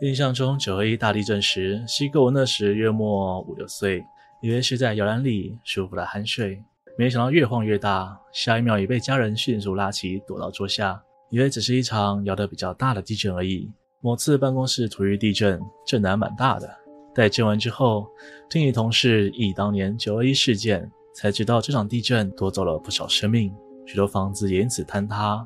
印象中，九二一大地震時，西格文那時約莫五六歲，以為是在搖籃裡舒服的酣睡，沒想到越晃越大，下一秒也被家人迅速拉起躲到桌下，以為只是一場搖得比較大的地震而已。某次辦公室突遇地震，震感蠻大的。待震完之後，聽一同事憶當年九二一事件，才知道這場地震奪走了不少生命，許多房子也因此坍塌。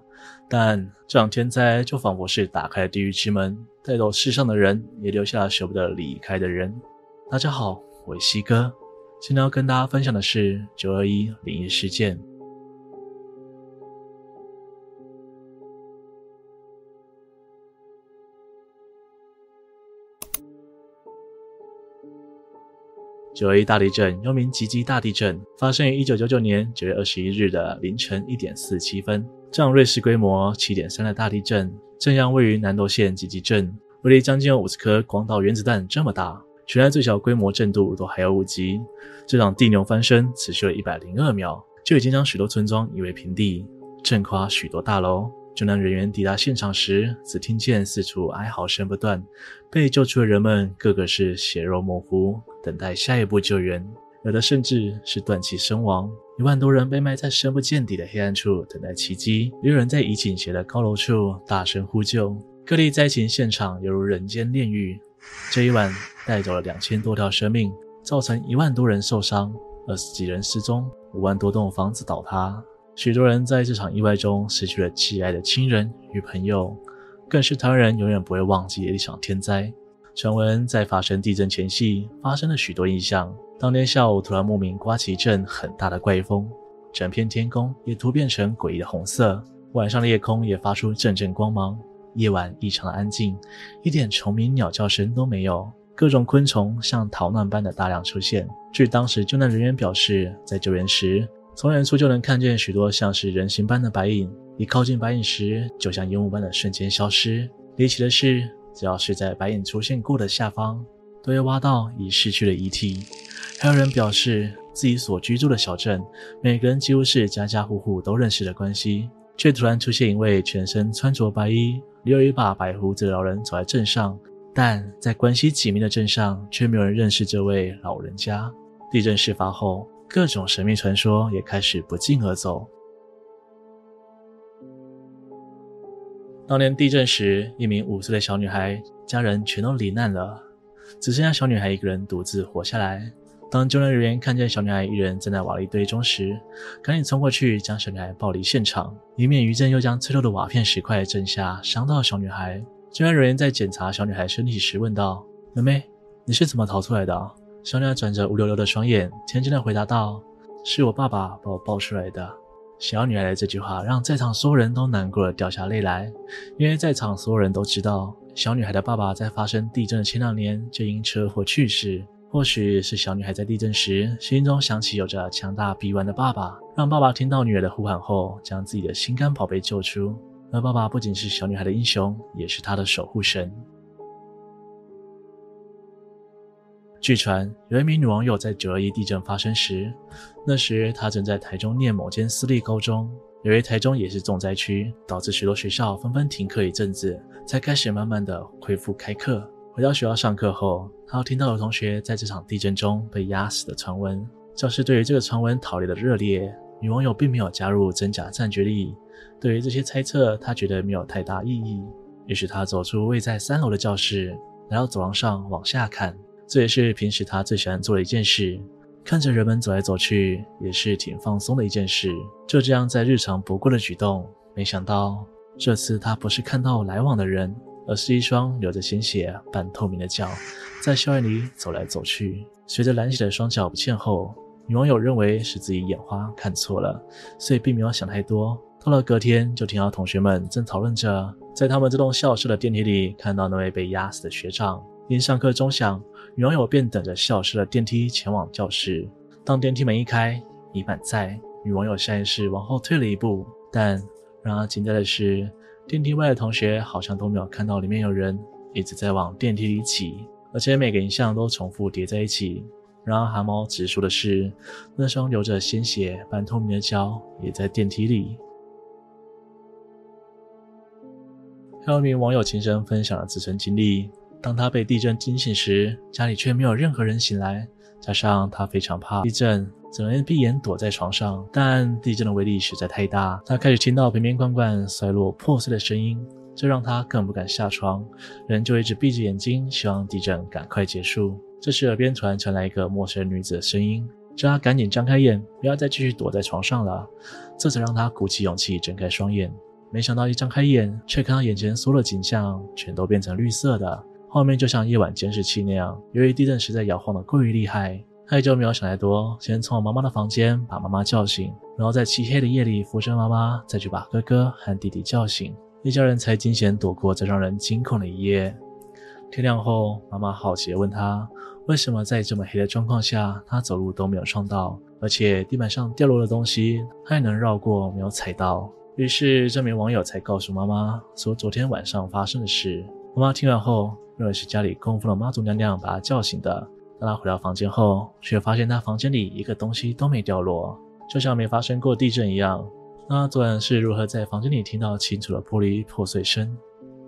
但這場天災就仿佛是打開了地獄之門。帶走世上的人，也留下了捨不得離開的人。大家好，我是西哥，今天要跟大家分享的是九二一靈異事件。九二一大地震又名“集集大地震”，發生於一九九九年九月二十一日的凌晨一點四十七分。這場芮氏規模七點三的大地震，震央位於南投縣集集鎮，威力將近有五十顆廣島原子彈這麼大。全臺最小規模震度都還有五級。這場地牛翻身持續了一百零二秒，就已經將許多村莊夷為平地，震垮許多大樓。救難人員抵達現場時，只聽見四處哀嚎聲不斷。被救出的人們，個個是血肉模糊，等待下一步救援。有的甚至是斷氣身亡，一萬多人被埋在深不見底的黑暗處，等待奇蹟；也有人在已傾斜的高樓處大聲呼救。各地災情現場猶如人間煉獄，這一晚帶走了兩千多條生命，造成一萬多人受傷，二十幾人失蹤，五萬多棟房子倒塌。許多人在這場意外中失去了摯愛的親人與朋友，更是台灣人永遠不會忘記的一場天災。傳聞在發生地震前夕發生了許多異象。當天下午，突然莫名颳起一陣很大的怪風，整片天空也突變成詭異的紅色。晚上的夜空也發出陣陣光芒，夜晚異常的安靜，一點蟲鳴鳥叫聲都沒有。各種昆蟲像逃難般的大量出現。據當時救難人員表示，在救援時，從遠處就能看見許多像是人形般的白影，一靠近白影時，就像煙霧般的瞬間消失。離奇的是，只要是在白影出現過的下方，都要挖到已逝去的遺體。還有人表示，自己所居住的小鎮，每個人幾乎是家家戶戶都認識的關係，卻突然出現一位全身穿着白衣、留有一把白鬍子的老人走在鎮上，但在關係緊密的鎮上，卻沒有人認識這位老人家。地震事發後，各種神秘傳說也開始不脛而走。當年地震時，一名五歲的小女孩家人全都罹難了，只剩下小女孩一個人獨自活下來。當救援人員看見小女孩一人站在瓦礫堆中時，趕緊衝過去將小女孩抱離現場，以免餘震又將脆弱的瓦片石塊震下傷到小女孩。救援人員在檢查小女孩身體時問道：“妹妹，你是怎麼逃出來的？”小女孩轉着烏溜溜的雙眼，天真的回答道：“是我爸爸把我抱出來的。”小女孩的這句話讓在場所有人都難過地掉下淚來，因為在場所有人都知道，小女孩的爸爸在發生地震的前兩年就因車禍去世。或許是小女孩在地震時心中想起有着強大臂彎的爸爸，讓爸爸聽到女兒的呼喊後，將自己的心肝寶貝救出。而爸爸不僅是小女孩的英雄，也是她的守護神。據傳，有一名女網友在九二一地震發生時，那時她正在台中念某間私立高中。由於台中也是重災區，導致許多學校紛紛停課一陣子，才開始慢慢的恢復開課。回到學校上課後，她又聽到有同學在這場地震中被壓死的傳聞。教室對於這個傳聞討論的熱烈，女網友並沒有加入真假戰局裡。對於這些猜測，她覺得沒有太大意義。於是她走出位在三樓的教室，來到走廊上往下看。這也是平時他最喜歡做的一件事，看着人們走來走去，也是挺放鬆的一件事。就這樣，在日常不過的舉動，沒想到這次他不是看到來往的人，而是一雙流着鮮血、半透明的腳，在校園裡走來走去。隨着藍鞋的雙腳不見後，女網友認為是自己眼花看錯了，所以並沒有想太多。到了隔天，就聽到同學們正討論着，在他們這棟校舍的電梯裡看到那位被壓死的學長。因上課鐘響，女網友便等着消失的電梯前往教室。當電梯門一開，已滿載，女網友下意識往後退了一步。但讓她驚呆的是，電梯外的同學好像都沒有看到裡面有人，一直在往電梯裡擠，而且每個影像都重複疊在一起。然而寒毛直豎的是，那雙流着鮮血、半透明的腳也在電梯裡。還有一名網友親身分享了自身經歷。當他被地震驚醒時，家裡卻沒有任何人醒來。加上他非常怕地震，只能閉眼躲在床上。但地震的威力實在太大，他開始聽到瓶瓶罐罐摔落、破碎的聲音，這讓他更不敢下床，仍舊一直閉着眼睛，希望地震趕快結束。這時，耳邊突然傳來一個陌生女子的聲音，叫他趕緊張開眼，不要再繼續躲在床上了。這才讓他鼓起勇氣睜開雙眼。沒想到一張開眼，卻看到眼前所有的景象全都變成綠色的。畫面就像夜晚監視器那樣。由於地震實在搖晃的過於厲害，他也就沒有想太多，先從媽媽的房間把媽媽叫醒，然後在漆黑的夜裡扶着媽媽再去把哥哥和弟弟叫醒，一家人才驚險躲過這讓人驚恐的一夜。天亮後，媽媽好奇的問他，為什麼在這麼黑的狀況下，他走路都沒有撞到，而且地板上掉落的東西他也能繞過沒有踩到？於是這名網友才告訴媽媽說昨天晚上發生的事。我媽聽完後，認為是家裡供奉的媽祖娘娘把她叫醒的。當她回到房間後，卻發現她房間裡一個東西都沒掉落，就像沒發生過地震一樣。那她昨晚是如何在房間裡聽到清楚的玻璃破碎聲？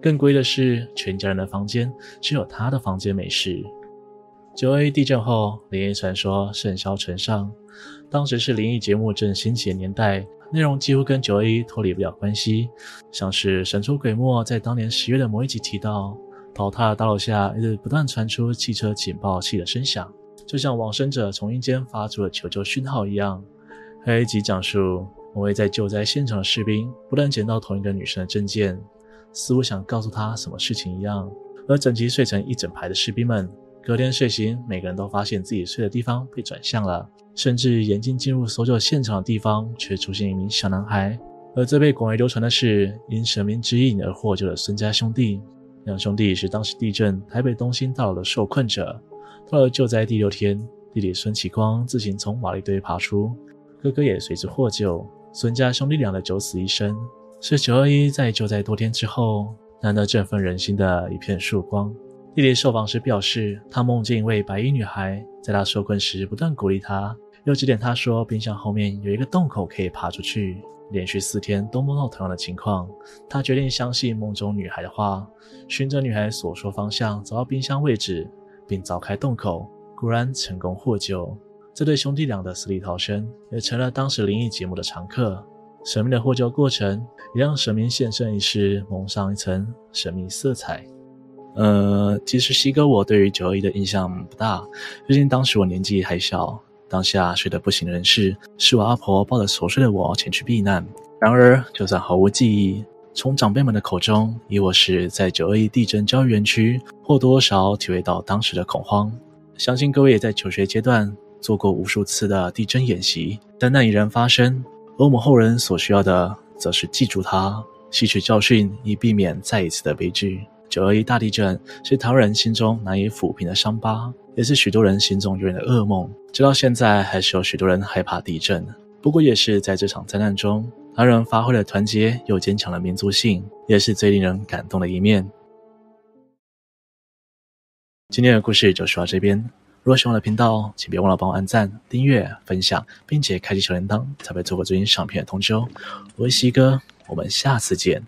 更詭異的是，全家人的房間只有她的房間沒事。九二一地震後，靈異傳說甚囂塵上。當時是靈異節目正興起的年代。內容幾乎跟九二一脫離不了關係，像是神出鬼沒。在當年十月的某一集提到，倒塌的大樓下一直不斷傳出汽車警報器的聲響，就像往生者從陰間發出的求救訊號一樣。黑 A 集講述某位在救災現場的士兵，不斷撿到同一個女生的證件，似乎想告訴她什麼事情一樣。而整齊睡成一整排的士兵們。隔天睡醒，每個人都發現自己睡的地方被轉向了，甚至嚴禁進入搜救現場的地方，卻出現一名小男孩。而這被廣為流傳的是，因神明指引而獲救的孫家兄弟。兩兄弟是當時地震台北東星大樓的受困者。到了救災第六天，弟弟孫啟光自行從瓦礫堆爬出，哥哥也隨之獲救。孫家兄弟倆的九死一生，是九二一在救災多天之後，難得振奮人心的一片曙光。弟弟受訪時表示，他夢見一位白衣女孩在他受困時不斷鼓勵他，又指點他說冰箱後面有一個洞口可以爬出去。連續四天都夢到同樣的情況，他決定相信夢中女孩的話，循着女孩所說方向走到冰箱位置，並鑿開洞口，果然成功獲救。這對兄弟倆的死裡逃生也成了當時靈異節目的常客，神秘的獲救過程也讓神明現身一事蒙上一層神秘色彩。呃，其實西哥，我對於九二一的印象不大，畢竟當時我年紀還小，當下睡得不省人事，是我阿婆抱着熟睡的我前去避難。然而，就算毫無記憶，從長輩們的口中，以我是在九二一地震教育園區，或多或少體會到當時的恐慌。相信各位也在求學階段做過無數次的地震演習，但那已然發生，而我們後人所需要的，則是記住它，吸取教訓，以避免再一次的悲劇。九二一大地震是台灣人心中難以撫平的傷疤，也是許多人心中永遠的噩夢。直到現在，還是有許多人害怕地震。不過，也是在這場災難中，台灣人發揮了團結又堅強的民族性，也是最令人感動的一面。今天的故事就說到這邊。如果喜歡我的頻道，請別忘了幫我按讚、訂閱、分享，並且開啟小鈴鐺，才不會錯過最新上片的通知哦。我是西哥，我們下次見。